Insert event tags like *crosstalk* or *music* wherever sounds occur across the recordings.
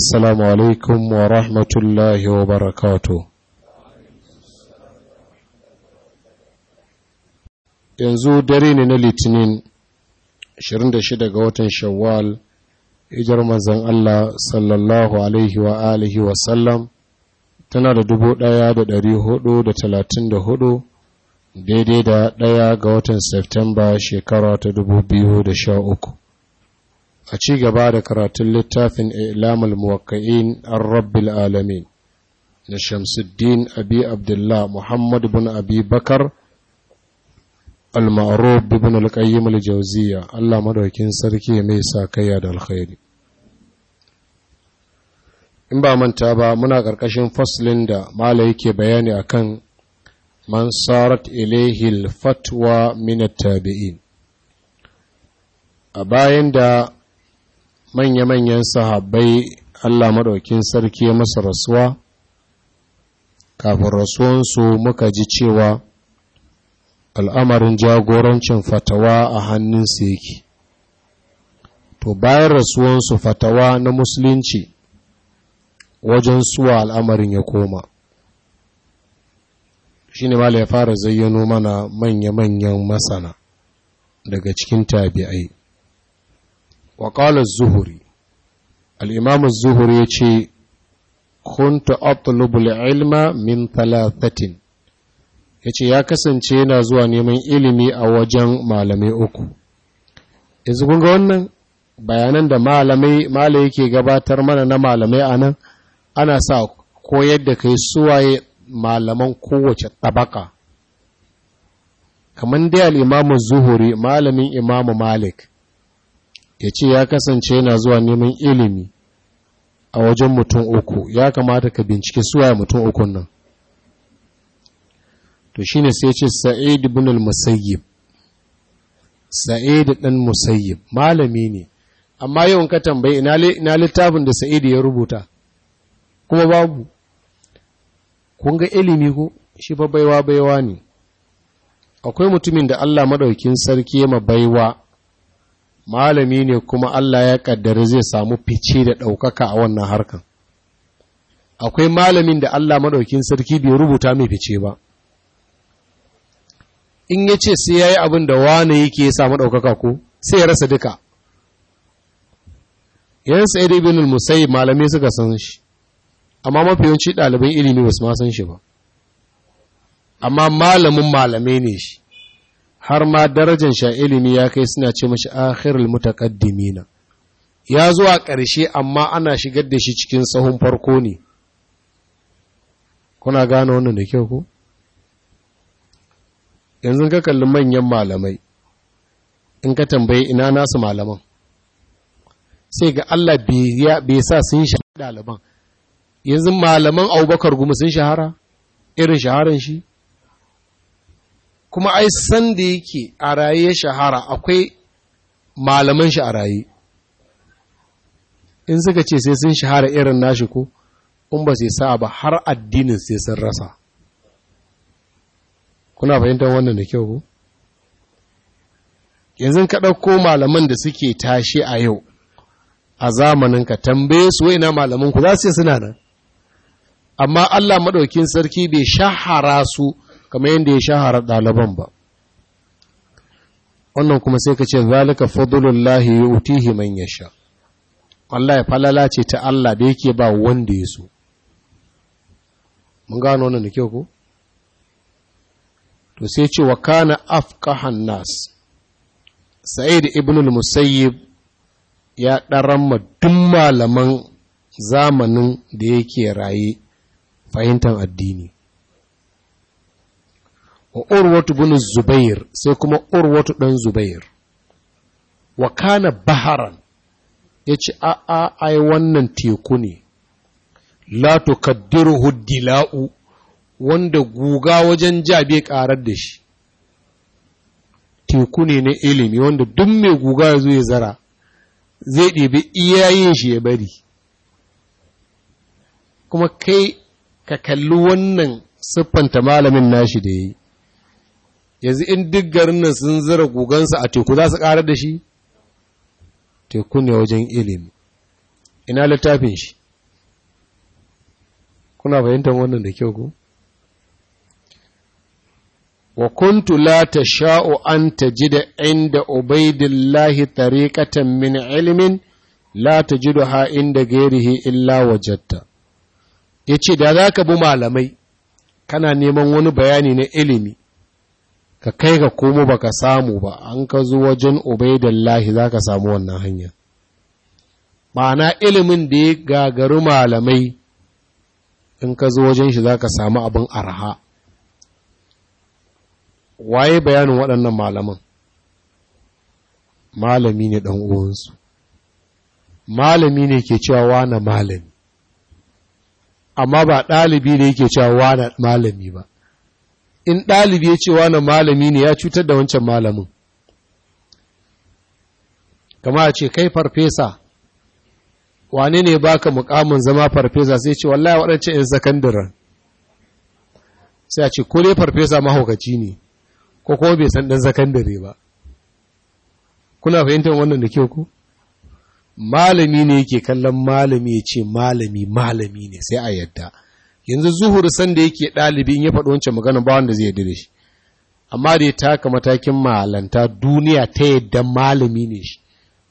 السلام عليكم ورحمة الله وبركاته yanzu dare ne na litinin 26 ga watan shawwal ijar manzon Allah sallallahu alaihi wa alihi wasallam tana da 1434 daidai da ɗaya ga watan Septemba shekara ta da uku. a ci gaba da karatun littafin ilamul muwakka'in an rabbil alamin na shamsuddin abi abdullah muhammad bin abi bakar al-ma'ruf bin al-qayyim al Allah madaukin sarki mai sa kaiya da alkhairi in ba manta ba muna ƙarƙashin faslin da mala yake bayani akan man sarat ilayhi al-fatwa min at a bayan da manya-manyan sahabbai Allah maɗaukin sarki ya masa rasuwa kafin rasuwansu muka ji cewa al'amarin jagorancin fatawa a hannunsu yake to bayan rasuwansu fatawa na musulunci wajen suwa al'amarin ya koma shi ne ya fara zayyano mana manya-manyan masana daga cikin tabi'ai wa ƙalar zuhuri al'imamu zuhuri ya ce kuntu atlubul ilma min talatatin ya ce ya kasance yana zuwa neman ilimi a wajen malamai uku yanzu kun ga wannan bayanan da malamai malai yake gabatar mana na malamai a nan ana sa koyar da kai waye malaman kowace tabaka kaman dai al'imamu zuhuri malamin imamu malik ya ce ya kasance yana zuwa neman ilimi a wajen mutum uku ya kamata ka bincike suwa mutum ukun nan to shine sai ce sa'id ibn al-musayyib sa'id dan musayyib malami ne amma yau ka tambayi ina littafin da sa'id ya rubuta kuma babu kun ga ilimi ko shi fa baiwa baiwa ne akwai mutumin da Allah maɗaukin sarki ya ma baiwa malami ne kuma Allah ya kaddara zai samu fice da ɗaukaka a wannan harkan akwai malamin da Allah maɗaukin sarki bai rubuta mai fice ba in ya ce sai ya yi abin da wane yake ya samu ɗaukaka ko sai ya rasa duka yan sa'id ibn al musayi malami suka san shi amma mafi yawanci ɗaliban ilimi ba su ma san shi ba amma malamin malamai ne shi har ma darajar sha ilimi ya kai suna ce mashi akhirul mutaqaddimina ya zuwa ƙarshe amma ana shigar da shi cikin sahun farko ne kuna gane wannan da kyau ko yanzu ka kalli manyan malamai in ka tambaye ina nasu malaman sai ga Allah bai sa sun shahara ɗaliban yanzu malaman abubakar gumu sun shahara irin shaharan shi kuma ai san da yake a raye ya shahara akwai malaman shi a raye in suka ce sai sun shahara irin nashi ko in ba sai sa ba har addinin sai sun rasa kuna fahimtar wannan da kyau ko yanzu ka ɗauko malaman da suke tashi a yau a zamanin ka tambaye su waina malaman ku za su suna nan amma Allah maɗaukin sarki bai shahara su kamar yadda ya shahara ɗaliban ba wannan kuma sai ka ce zalika fadlullahi yu'tihi sha yasha wallahi falala ce ta Allah da yake ba wanda ya so mun gano wannan da kyau ko to sai ce wa kana afqahan nas sa'id ibn al-musayyib ya ɗarama duk malaman zamanin da yake raye fahimtar addini wa urwatu bin zubair sai kuma urwatu ɗan zubair wa kana baharan ya ce a'a ai wannan teku ne la tukaddiruhu dila'u wanda guga wajen jabe bai karar da shi teku ne na ilimi wanda duk mai guga ya ya zara zai ɗebi iyayen shi ya bari kuma kai ka kalli wannan siffanta malamin nashi da yi yanzu in duk garin nan sun zira gugansa a teku za su ƙarar da shi teku ne wajen ilimi ina littafin shi kuna fahimtar wannan da kyau ku wa kuntu la tasha'u an tajida inda ubaidillahi tariqatan min ilmin la tajiduha inda gairihi illa wajadta yace da zaka bi malamai kana neman wani bayani na ilimi ka kai ka komo baka samu ba an ka zo wajen ubaidallahi za ka samu wannan hanya ma'ana ilimin da ya gagaru malamai in ka zo wajen shi za ka samu abin arha waye bayanin waɗannan malaman malami ne ɗan uwansu malami ne ke cewa wane malami amma ba ɗalibi ne ke cewa wane malami ba in ɗalibi ya ce wani malami ne ya cutar da wancan malamin kama ce kai farfesa wane ne baka mukamin zama farfesa sai ce wallahi waɗance in sakandaren sai a ce ko dai farfesa mahaukaci ne ko kuma bai san ɗan sakandare ba kuna fahimtar wannan da ke ku malami ne yake kallon malami ya ce malami malami ne sai a yadda yanzu zuhur sanda da yake ɗalibin ya faɗi wancan magana ba wanda zai yarda shi amma da ya taka matakin malanta duniya ta yadda malami ne shi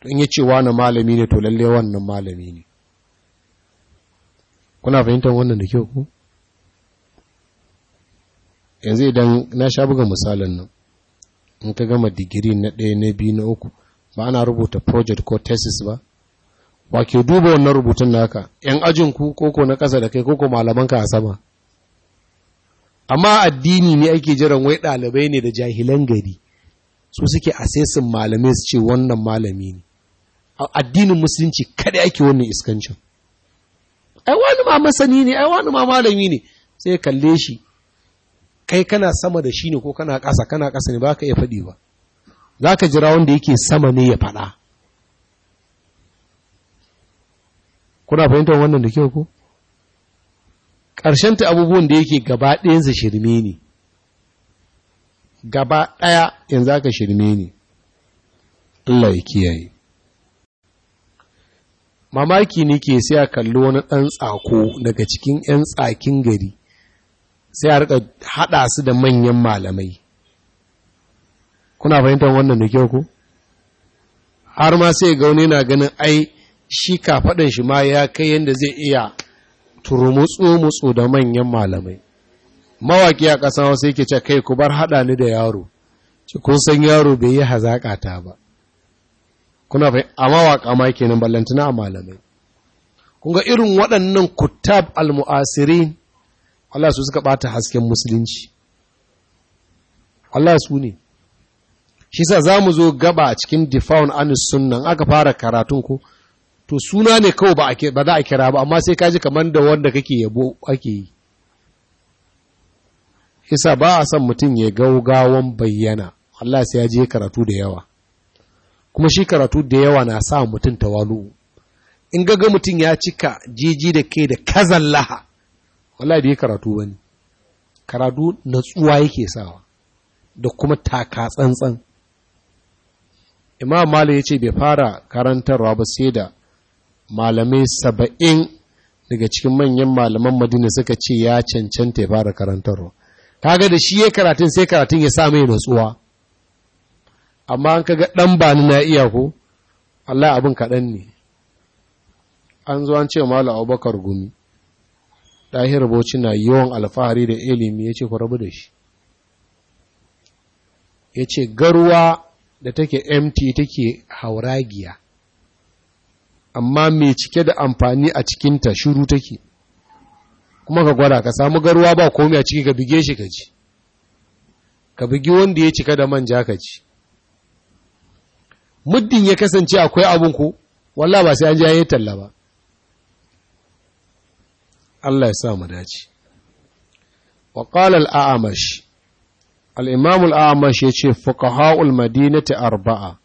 in ya ce wani malami ne to lalle wannan malami ne kuna fahimtar wannan da kyau ko? yanzu idan na sha buga misalin nan in ka gama digiri na ɗaya na biyu na uku ba ana rubuta project ko thesis ba wa ke duba wannan rubutun naka yan ajinku koko na ƙasa da kai koko malamanka a sama amma addini ne ake jiran wai ɗalibai ne da jahilan gari su suke asesin malamai su ce wannan malami ne addinin musulunci kada ake wannan iskancin ai wani ma masani ne ai wani ma malami ne sai kalle shi kai kana sama da shi ne ko kana ƙasa kana ƙasa ne ba ka iya faɗi ba za ka jira wanda yake sama ne ya faɗa kuna fahimtar wannan da kyau ko ƙarshen ta abubuwan da yake gaba ɗayansa shirme ne gaba ɗaya yanzu aka shirme ne Allah ya kiyaye mamaki ne ke sai a kalli wani ɗan tsako daga cikin 'yan tsakin gari sai a rika haɗa su da manyan malamai kuna fahimtar wannan da kyau ko har ma sai ga wani yana ganin ai shi kafaɗan shi ma ya kai yadda zai iya turmutsu-mutsu da manyan malamai mawaƙi a ƙasa wasu yake ce kai ku bar haɗa ni da yaro ci kun san yaro bai yi hazaƙata ba kuna fai a mawaƙa ma kenan ballantana a malamai kun irin waɗannan kutab al-mu'asirin Allah su suka ɓata hasken musulunci Allah su ne shi sa za mu zo gaba a cikin difa'un anis sunnan aka fara karatun ku to suna ne kawai ba za a kira ba amma sai ka ji kamar da wanda kake yabo ake yi isa ba a son mutum ya gaugawan bayyana Allah sai ya je karatu da yawa kuma shi karatu da yawa na sa mutum ta walu. in gaga mutum ya cika jiji da kai da Wala wallahi bai karatu ne? karatu natsuwa yake sawa da kuma taka tsantsan imam malik ya ce bai fara karantarwa ba sai da malamai saba'in daga cikin manyan malaman madina suka ce ya cancanta ya fara karantarwa kaga da shi ya karatun sai karatun ya sa mai natsuwa amma an kaga ɗan ba na iya ko Allah abin kaɗan ne an zo an ce mala abubakar gumi ɗahir bauchi na yawan alfahari da ilimi ya ce ku rabu da shi ya ce garuwa da take mt take hauragiya amma mai cike da amfani a cikinta shiru take kuma ka gwada ka samu garuwa ba komai a ciki ka bige shi ka ji ka bige wanda ya cika da manja ka ji muddin ya kasance akwai abin ko walla ba sai an ji ayi talla ba Allah ya sa mu dace wa qala al-a'mash al-imam al-a'mash yace al madinati arba'a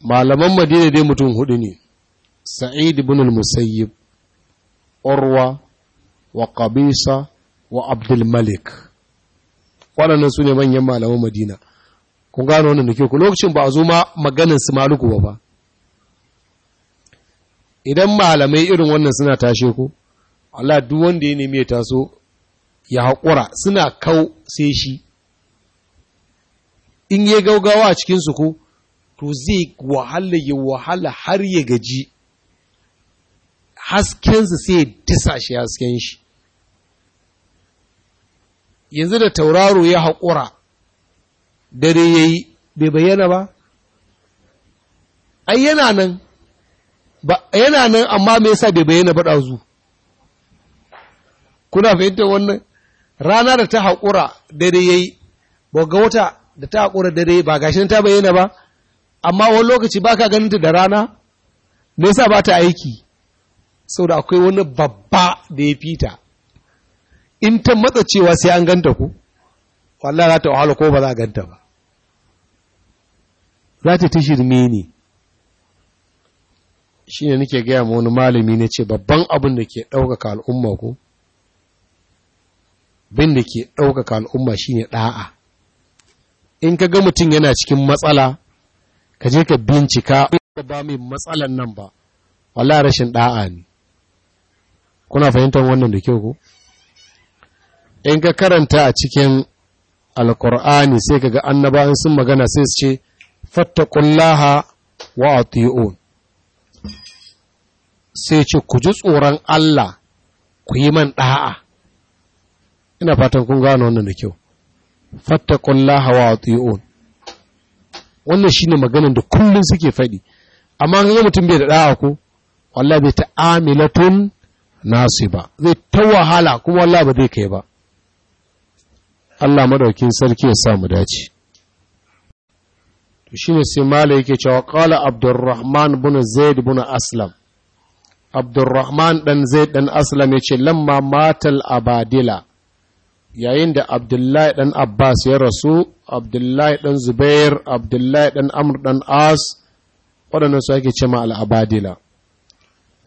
malaman madina dai mutum hudu ne sa'id ibn al-musayyib wa qabisa wa abdul malik waɗannan su ne manyan malaman madina ku gane wannan da ke ku lokacin ba a zo ma maganin su maluku ba ba idan malamai irin wannan suna tashe ku Allah duk wanda ya nemi ya taso ya haƙura suna kau sai shi in ya gaugawa a cikinsu ko to zai wahala ya wahala har ya gaji haskensa sai tisa shi hasken shi yanzu da tauraro ya haƙura dare ya yi bai bayyana ba ai yana nan yana nan amma me yasa bai bayyana ba ɗazu kuna fahimtar wannan rana da ta haƙura dare ya yi ba ga wata da ta haƙura dare ba gashi ta bayyana ba amma wani lokaci ba ka ganin ta da rana me yasa ba ta aiki saboda akwai wani babba da ya fita in ta matsa cewa sai an ganta ku wallahi za ta wahala ko ba za a ganta ba za ta ta shirme ne shi ne nake gaya ma wani malami na ce babban abin da ke ɗaukaka al'umma ku, bin da ke ɗaukaka al'umma shi ne ɗa'a in ka ga mutum yana cikin matsala ka je ka bincika ba mai matsalan nan ba wallahi rashin ɗa'a ne kuna fahimtar wannan da kyau ko in ka karanta a cikin alkur'ani sai kaga annabawan sun magana sai su ce fattaqullaha wa atiyun sai ce ku ji tsoron Allah ku yi man ɗa'a. Ina fatan kun gano wannan da kyau. Fattakullaha wa atiyun Wannan shine maganar da kullum suke faɗi, amma ga mutum bai da ɗa'a ko, wallahi bai ta'amilatun nasi ba zai ta wahala kuma Allah ba zai kai ba Allah madaukin sarki ya sa mu dace to ne sai mala yake cewa qala abdurrahman bin zaid bin aslam abdurrahman ɗan zaid ɗan aslam ya yace lamma matal abadila yayin da abdullahi ɗan abbas ya rasu abdullahi dan zubair abdullahi dan amr dan as waɗannan su ake cewa al abadila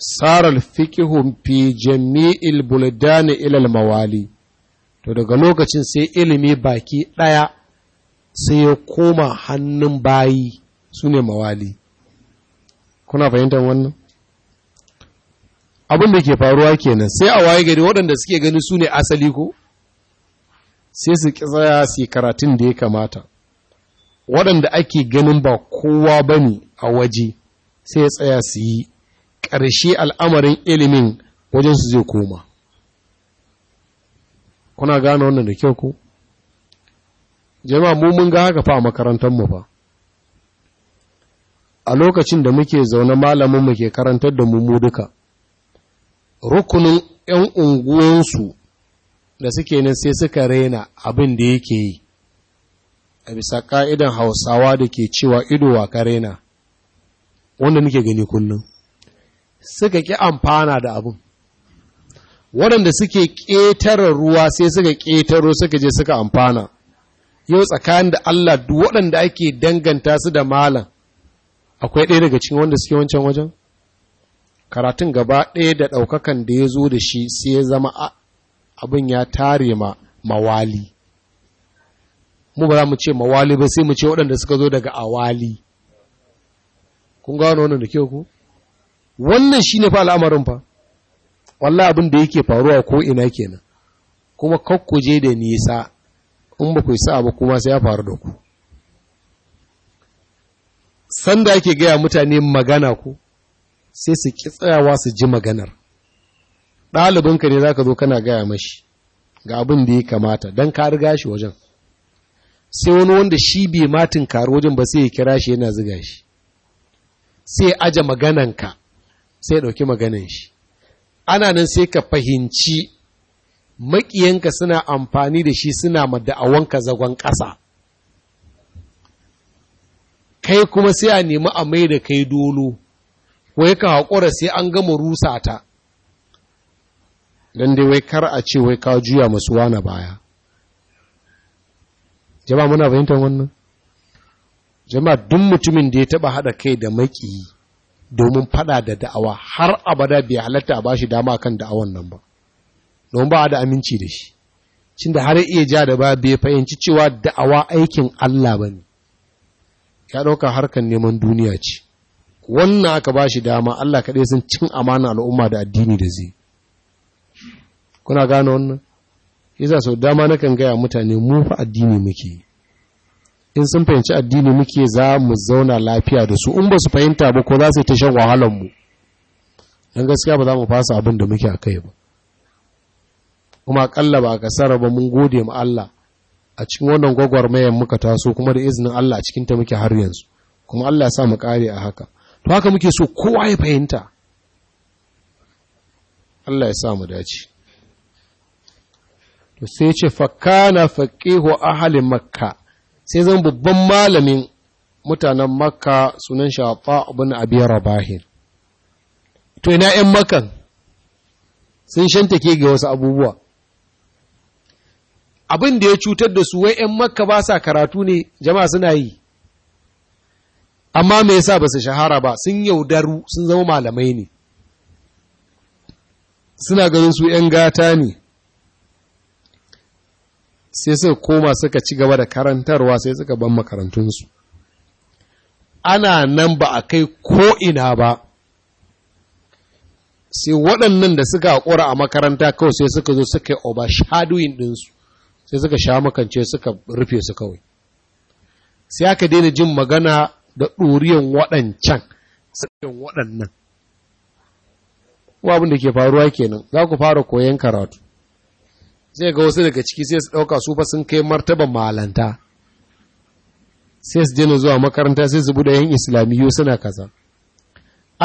sarar fiƙihun fi jami'il buldani ilal mawali to daga lokacin sai ilimi baki ɗaya sai ya koma hannun bayi su ne mawali kuna fahimtar wannan abin da ke faruwa kenan sai a waye gari waɗanda suke gani su ne asali ko sai su tsaya su karatun da ya kamata waɗanda ake ganin ba kowa ba ne a waje sai ya tsaya su yi ƙarshe al'amarin ilimin wajensu zai koma kuna gane wannan da kyau ku jama'a mun ga haka fa a makarantar mu fa a lokacin da muke zaune malamin mu ke karantar da mu mu duka rukunin 'yan unguwansu da suke nan sai suka raina abin da yake yi a bisa ka'idan hausawa da ke cewa ido wa ka wanda muke gani kullum suka ƙi amfana da abin waɗanda suke ƙetare ruwa sai suka ƙetaro suka je suka amfana yau tsakanin da Allah duk waɗanda ake danganta su da malam akwai ɗaya daga cikin wanda suke wancan wajen karatun gaba ɗaya da ɗaukakan da ya zo da shi sai ya zama abin ya tare ma mawali mu ba za mu ce mawali ba sai mu ce waɗanda suka zo daga awali kun gano wannan da kyau ku wannan shi ne fa al'amarin fa wallah abin da yake faruwa ko ina kenan kuma je da nisa in ba ku ba kuma sai ya faru da ku sanda ake gaya mutane magana ko sai su ki tsayawa su ji maganar ɗalibinka ne za ka zo kana gaya mashi ga abin da ya kamata don ka riga shi wajen sai wani wanda shi bai matin karu wajen ba sai ya kira shi yana ziga shi sai maganar magananka sai ɗauki maganin shi ana nan sai ka fahimci maƙiyanka suna amfani da shi suna madda'awanka zagon ƙasa kai kuma sai a nemi a mai da kai dolo wai ka haƙura sai an gama rusa ta don dai wai kar a ce wai ka juya masu wana baya jama'a muna fahimtar wannan jama'a duk mutumin da ya taɓa haɗa kai da maƙiyi domin fada da da'awa har abada bai halatta a bashi dama kan da'awan nan ba don ba da aminci da shi cin da har iya ja da ba bai fahimci cewa da'awa aikin Allah ba ne ya ɗauka harkar neman duniya ce wannan aka ba shi dama Allah kaɗai sun cin amana al'umma da addini da zai kuna gane wannan yasa sau dama nakan gaya mutane mu fa addini muke yi in sun fahimci addini muke za mu zauna lafiya da su in ba su fahimta ba ko za su yi ta shan wahalanmu don gaskiya ba za mu fasa abin da muke a kai ba kuma akalla ba a kasar ba mun gode ma Allah a cikin wannan gwagwarmayar muka taso kuma da izinin Allah a cikinta muke har yanzu kuma Allah ya sa mu kare a haka to haka muke so kowa ya fahimta Allah ya sa mu dace to sai ya ce fakana faqihu ahli makka sai zan babban malamin mutanen makka sunan shafa abin abiyar rabahin to ina 'yan makan sun shantake ga wasu abubuwa abin da ya cutar da su wai 'yan makka ba sa karatu ne jama'a suna yi amma me yasa ba su shahara ba sun yaudaru sun zama malamai ne suna ganin su 'yan gata ne sai suka koma suka ci gaba da karantarwa sai suka ban makarantunsu ana nan ba a kai ko'ina ba sai waɗannan da suka haƙura a makaranta kawai sai suka zo suka yi overshadowing ɗinsu sai suka sha makance suka rufe su kawai sai aka daina jin magana da ɗoriyan waɗancan sakin waɗannan wa abin da ke faruwa kenan za ku fara koyon karatu zai ga wasu daga ciki sai su ɗauka su fa sun kai martaban malanta sai su jini zuwa makaranta sai su buɗe yan islamiyyu suna kaza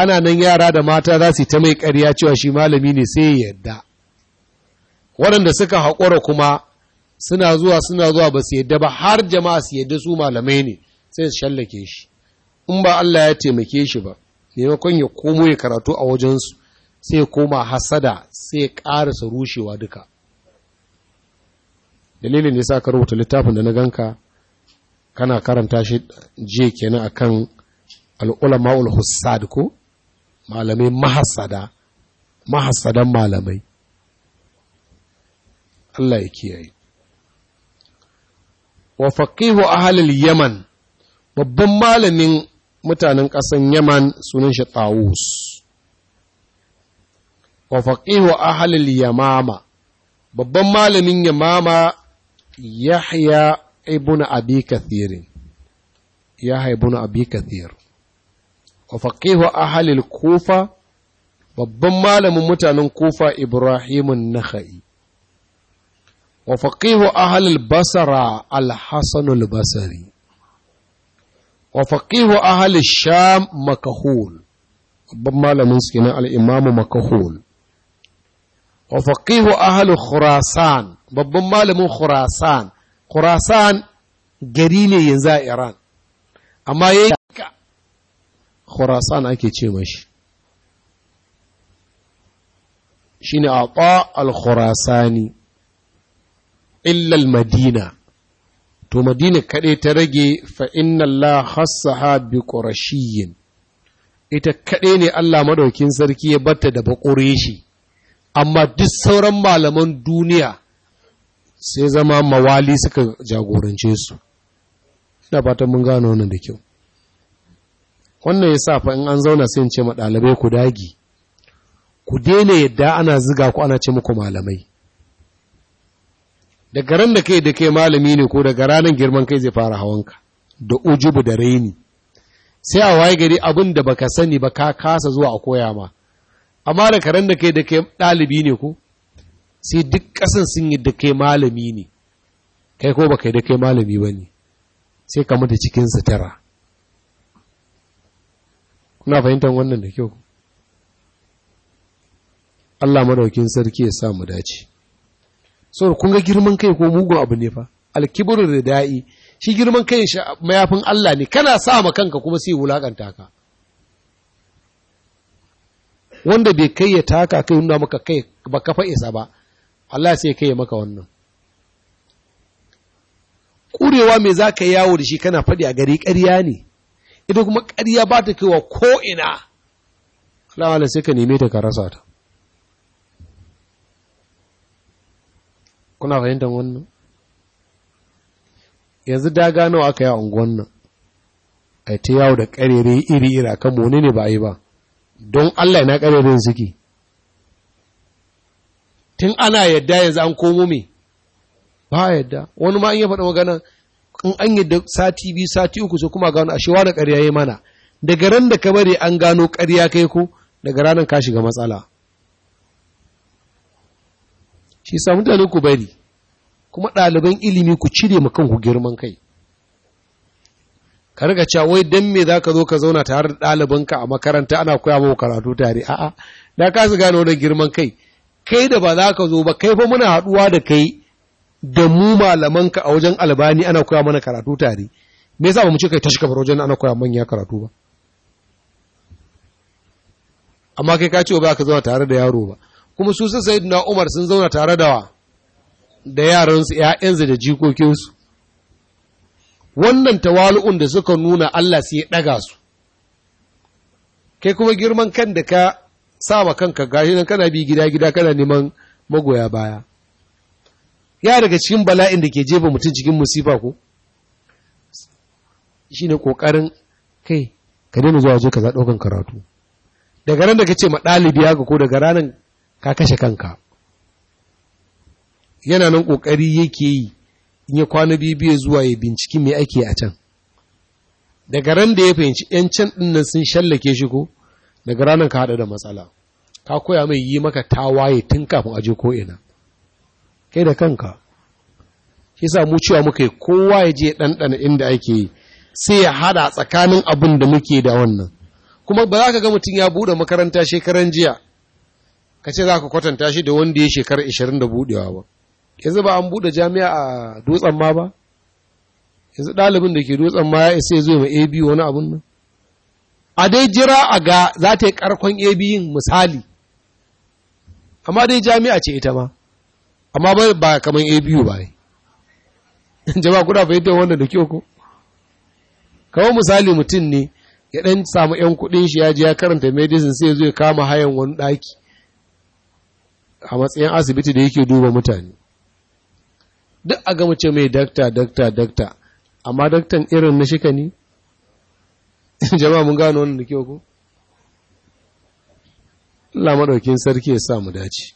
ana nan yara da mata za su ta mai karya cewa shi malami ne sai ya yadda waɗanda suka haƙura kuma suna zuwa suna zuwa ba su yadda ba har jama'a su yadda su malamai ne sai su shallake shi in ba Allah ya taimake shi ba maimakon ya komo ya karatu a wajensu sai koma hasada sai ya ƙarasa rushewa duka dalilin da sa ka rubuta littafin da na ganka kana karanta shi je kenan akan al-ulama'ul hussad ko malamai mahassada mahassadan malamai Allah ya kiyaye wa faqihu halin yaman babban malamin mutanen ƙasan yaman sunan shi tawus wa faqihu ahlil yamama babban malamin yamama yahya ibn abi kathir yahya ibn abi kathir wa faqihu ahli al-kufa babban malamin mutanen kufa ibrahimun nakhai wa faqihu ahli al-basra al-hasan al-basri wa faqihu ahli sham makahul babban malamin su kenan al-imamu makahul wa faqihu ahli khurasan babban malamin khurasan khurasan gari ne yanzu a iran amma ya yi khurasan ake ce mashi shi ne a al-khurasani illal madina to madina kaɗai ta rage fa'innan Allah hassaha bi ƙorashiyin ita kaɗai ne Allah maɗaukin sarki ya batta da baƙure shi amma duk sauran malaman duniya sai zama mawali suka jagorance su ina fatan mun gano wannan da kyau wannan ya sa fa in an zauna sai ce ma ɗalibai ku dagi ku daina yadda ana ziga ku ana ce muku malamai daga ran da kai da kai malami ne ko daga ranar girman kai zai fara hawanka da ujubu da raini sai a waye gari abin da baka sani ba ka kasa zuwa a koya ma amma da karen da kai da kai ɗalibi ne ko sai duk ƙasan sun yi da kai malami ne kai ko ba kai da kai malami ba ne sai ka mutu cikin sutura kuna fahimtar wannan da kyau Allah madaukin sarki ya sa mu dace saboda kun ga girman kai ko mugun abu ne fa da ridai shi girman kai shi mayafin Allah ne kana sa ma kanka kuma sai wulakanta ka wanda bai kai ya taka kai nuna maka kai ba kafa isa ba Allah sai kai maka wannan ƙurewa mai za ka yawo da shi kana faɗi a gari ƙarya ne ita kuma ƙarya ba ta kaiwa ko'ina Allah sai ka neme ta ka rasa ta kuna fahimtar wannan yanzu da gano aka yi unguwan nan a ta yawo da ƙarere iri-iri a kan ne ba yi ba don Allah na ƙarerin suke tun ana yadda yanzu an komo me ba yadda wani ma in ya faɗa magana in an yadda sati biyu sati uku sai kuma gano ashe wani ƙarya yi mana daga ran da ka bari an gano ƙarya kai ko daga ranar ka shiga matsala shi sa mutane ku bari kuma ɗaliban ilimi ku cire mu kanku girman kai ka riga cewa wai dan me zaka zo ka zauna tare da ɗalibanka a makaranta ana koya maka karatu tare a'a da ka su gano da girman kai kai da ba za ka zo ba kai fa muna haɗuwa da kai da mu malamanka a wajen albani ana koya mana karatu tare me yasa ba mu ce kai tashi kafar wajen ana koya manya karatu ba amma kai ka ce ba ka zauna tare da yaro ba kuma su sun sai na umar sun zauna tare da wa. da yaransu ‘ya'yansu da jikokinsu wannan tawalu'un da suka nuna Allah sai ya ɗaga su kai kuma girman kan da ka sa wa kanka gashi nan kana bi gida gida kana neman magoya baya ya daga cikin bala'in da ke jefa mutum cikin musifa ko Shi ne kokarin kai ka daina zuwa zo kaza daukan karatu daga ran da ce ma dalibi haka ko daga ranar ka kashe kanka yana nan kokari yake yi in ya kwana bibiye zuwa ya binciki mai ake a can daga ran da ya fahimci yancin ɗinnan ɗin nan sun shallake shi ko daga ranar ka haɗu da matsala ka koya mai yi maka tawaye tun kafin aje ko ina kai da kanka shi sa mu cewa muka yi kowa ya je ɗanɗana inda ake yi sai ya haɗa tsakanin abin da muke da wannan kuma ba za ka ga mutum ya buɗe makaranta shekaran jiya ka ce za ka kwatanta shi da wanda ya shekarar ishirin da buɗewa ba yanzu ba an buɗe jami'a a dutsen ma ba yanzu ɗalibin da ke dutsen ma ya isa ya zo ma AB wani abin nan a dai jira a ga za ta yi karkon yin misali amma dai jami'a ce ita ma amma bai ba kamar abu ba ne *laughs* jama'a kuna fahimtar wannan da kyau ko misali mutum ne ya ɗan samu 'yan kuɗin shi ya je ya karanta medicine sai zai kama hayan wani ɗaki a matsayin asibiti da yake duba mutane duk a ga mace mai dakta dakta dakta amma daktan irin na shika ne *laughs* jama'a mun gano wannan da kyau ko Allah madaukin sarki ya sa mu dace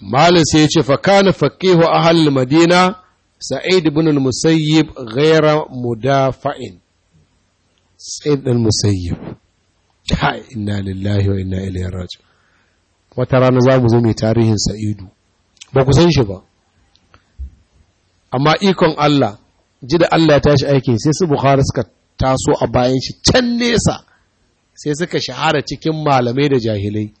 Malam sai ya ce fa kana faqihu ahal madina Sa'id ibn al-Musayyib ghayra mudafa'in Sa'id ibn al-Musayyib ha inna lillahi wa inna ilaihi raji'un wata rana za mu zo mai tarihin Sa'idu ba ku san shi ba amma ikon Allah ji da Allah ya tashi aiki sai su Bukhari suka taso a bayan shi can nesa sai suka shahara cikin malamai da jahilai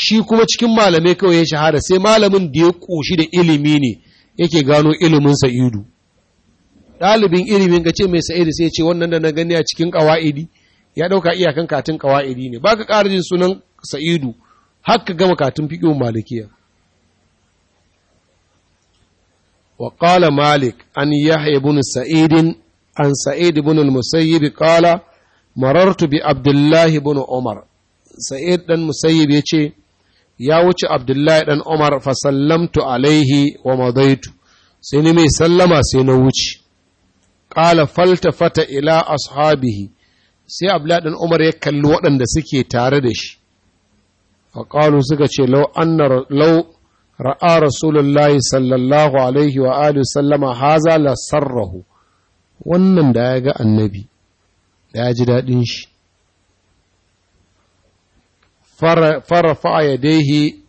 shi kuma cikin malamai kawai ya shahara sai malamin da ya koshi da ilimi ne yake gano ilimin sa'idu ɗalibin ilimin ga ce mai sa'idu sai ce wannan da na gani a cikin ƙawa'idi ya ɗauka iyakan katin ƙawa'idi ne baka ka sunan sa'idu har ka gama katin fiƙin malikiya وقال مالك عن يحيى بن سعيد عن سعيد بن المسيب قال مررت بعبد الله بن عمر سعيد بن المسيب يجي يا وجه عبد الله بن عمر فسلمت عليه ومضيت سيني مي سلما سيني وجه قال فالتفت إلى أصحابه sai abla ɗan umar ya kalli waɗanda suke tare da shi faƙalu suka ce lau ra'a rasulullahi sallallahu alaihi wa alihi sallama haza la sarrahu wannan da ya ga annabi da ya ji daɗin shi fara fa'a ya daihi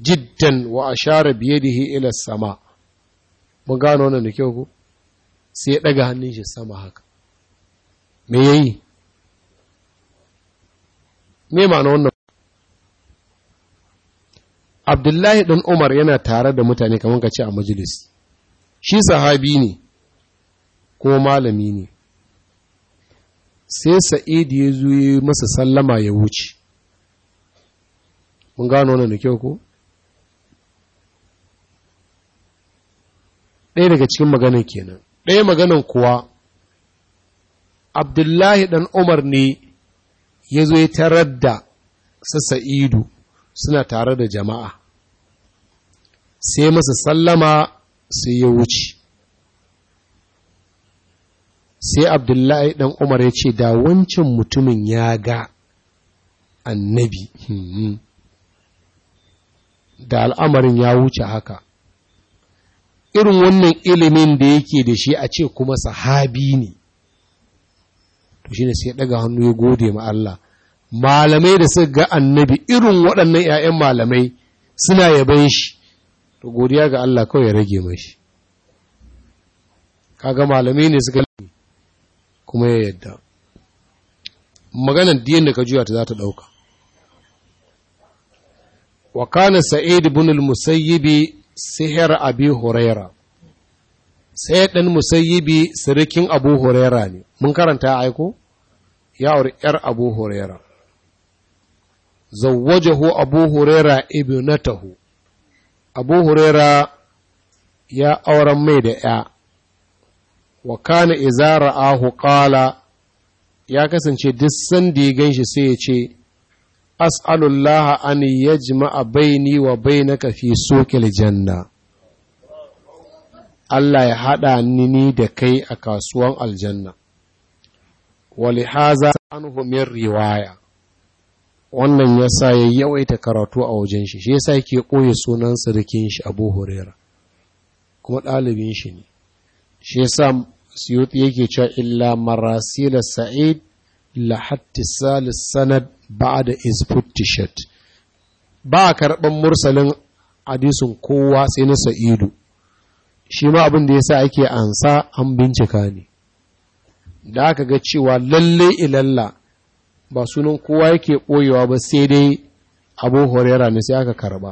jiddan wa ashara biyadihi ila sama mun gano wannan da kyau ku sai ya ɗaga hannun shi sama haka me yayi me ma'ana wannan abdullahi ɗan umar yana tare da mutane kamar ka ce a majalis shi sahabi ne ko malami ne sai sa'id ya zo yi masa sallama ya wuce mun gano wannan da kyau ko ɗaya daga cikin maganar kenan ɗaya maganan kuwa abdullahi ɗan umar ne ya zo ya tarar da sassa'idu suna tare da jama'a sai masa sallama sai ya wuce sai abdullahi ɗan umar ya ce da wancan mutumin ya ga annabi hmm. da al'amarin ya wuce haka irin wannan ilimin da yake da shi a ce kuma sahabi ne to shi ne sai ɗaga hannu ya gode ma Allah malamai da suka ga annabi irin waɗannan 'ya'yan malamai suna yaban shi to godiya ga Allah kawai ya rage mashi kaga malamai ne suka kuma ya yadda maganar diyan da ka juya ta za ta ɗauka wa kana sa'id bin al musayyibi sihir abi huraira sai ɗan musayyibi sirikin abu huraira ne mun karanta aiko ya ‘yar abu huraira zawwajahu abu huraira ibnatahu abu huraira ya auren mai da ya wa kana izara ahu qala ya kasance duk sanda ya shi sai ya ce as'alullaha an yajma'a baini wa bainaka fi suqil janna Allah ya haɗa ni da kai a kasuwan aljanna walihaza anhu min riwaya wannan ya sa ya yawaita karatu a wajen shi shi ya sa yake ɓoye sunan sarkin shi abu hurera kuma ɗalibin shi ne shi ya sa siyuti yake cewa illa marasila sa'id la salis sanad ba'da isfuttishat ba a karɓan mursalin hadisin kowa sai na sa'idu shi ma abin da ya sa ake ansa an bincika ne da aka ga cewa Lallai ilalla ba sunan kowa yake ɓoyewa ba sai dai abu horera ne sai aka karba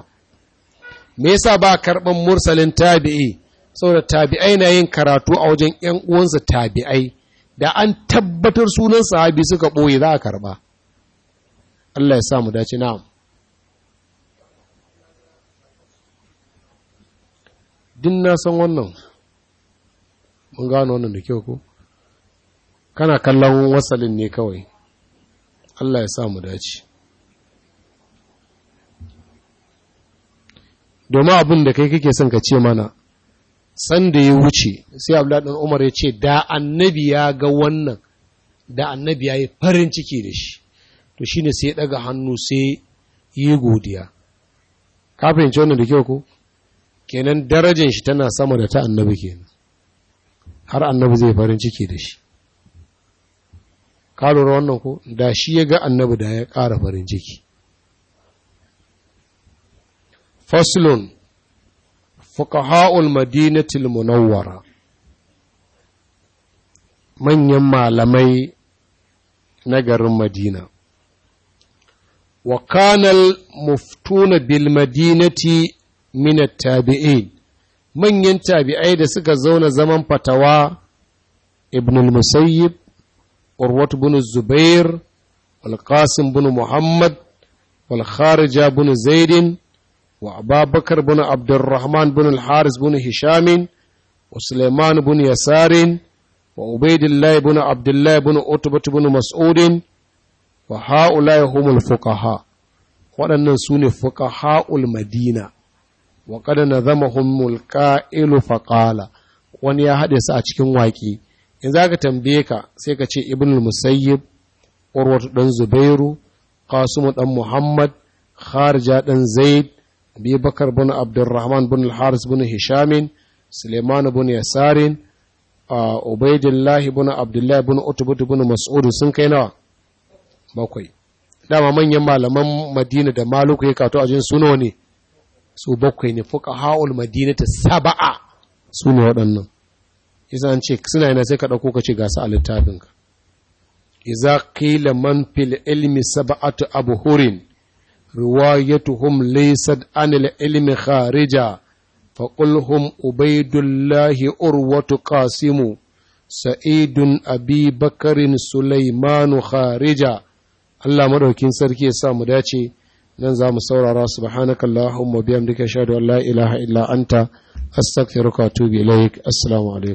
me yasa ba karban mursalin tabi'i saboda tabi'ai na yin karatu a wajen ƴan uwansa tabi'ai da an tabbatar sunan sahabi suka ɓoye za a karba Allah ya sa mu dace na'am din na san wannan mun gano wannan da kyau ko kana kallon wasalin ne kawai Allah ya sa mu dace domin abin da kai kake son ka ce mana sanda ya wuce sai abdullahi umar ya ce da annabi ya ga wannan da annabi ya yi farin ciki da shi to shi ne sai ya daga hannu sai yi godiya kafin ce wannan da kyau ko kenan darajin shi tana sama da ta annabi kenan har annabi zai farin ciki da shi ka wannan ku. da shi ya ga annabi da ya ƙara farin ciki faslun fukaha'ul madinatil munawwara manyan malamai na garin madina وكان المفتون muftuna من madinati من tabi'in manyan tabi'ai da suka zauna zaman fatawa ibn urwat bin zubair alƙasim bin muhammad walharija bin zaidin wa ababakar bin abdurrahman bin alharis bin hishamin wa suleiman bin yasarin wa ubaidillahi bin abdullahi bin utbat bin mas'udin wa ha'ulai humul fuqaha waɗannan su ne fuqaha'ul madina wa qad nazamahum mulka'ilu faqala wani ya haɗe su a cikin waƙi in za ka tambaye ka sai ka ce ibn musayyib urwatu ɗan zubairu qasimu ɗan muhammad kharija dan zaid abi bakar bin abdurrahman bin haris bin hishamin sulaiman bin yasarin ubaidillahi bin abdullahi bin utubutu bin mas'udu sun kai nawa bakwai dama manyan malaman madina da maluku ya kato a jin suno ne su bakwai ne fuka ha'ul madina ta saba'a su waɗannan yasa an ce suna yana sai ka ɗauko ka ce gasa su a littafinka iza qila man fil ilmi sab'atu abhurin riwayatuhum laysat anil ilmi kharija fa qul hum ubaydullah urwatu kasimu sa'idun abi bakarin sulaiman kharija Allah madaukin sarki ya sa mu dace nan za mu saurara subhanaka allahumma bihamdika ashhadu an la ilaha illa anta astaghfiruka wa atubu ilaik assalamu alaikum